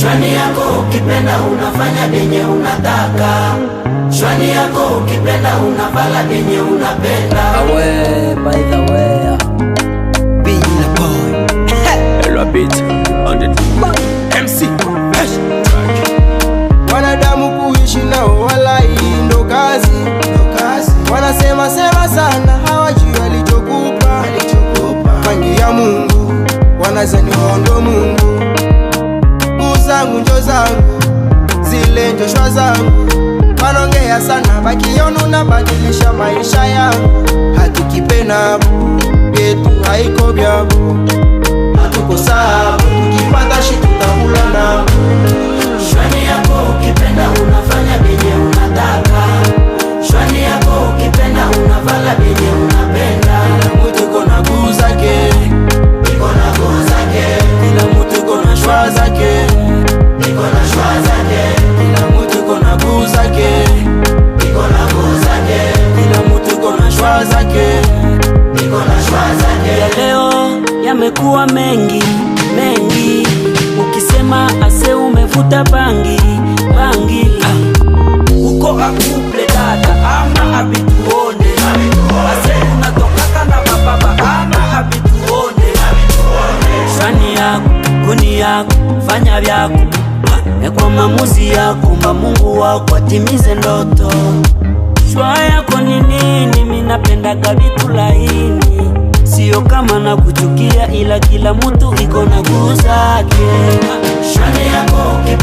Shwani yako ukipenda unafanya denye unataka, shwani yako ukipenda unavala denye unapenda. Awe, by the way, uh, be the boy. Rabbit on the MC kuishi nao ndo kazi, sana Mungu wanazani Mungu zangu njo zangu zile njoshwa zangu wanongea sana bakiona unabadilisha maisha yangu hatukipenda yetu haiko byabu zake, niko na shwa zake. Ya leo yamekuwa mengi mengi, ukisema ase umevuta bangi bangi. Uko akuple dada ama abituone, ase unatokaka na mababa ama abituone. shani yako kuni yako fanya vyako na kwa maamuzi yako, Mungu wako atimize ndoto. Shwa yako ni nini? napendaga vitu laini, sio kama na kuchukia, ila kila mtu iko na guzake. Shane yako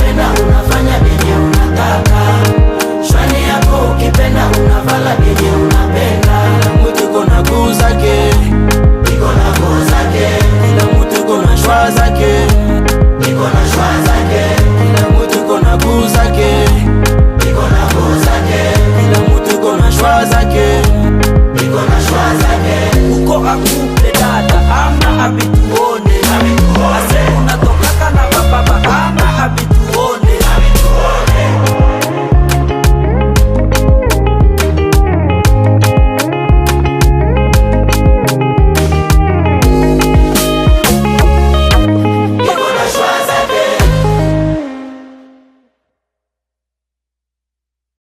kalsada ang nakabit ko nila Kasi nato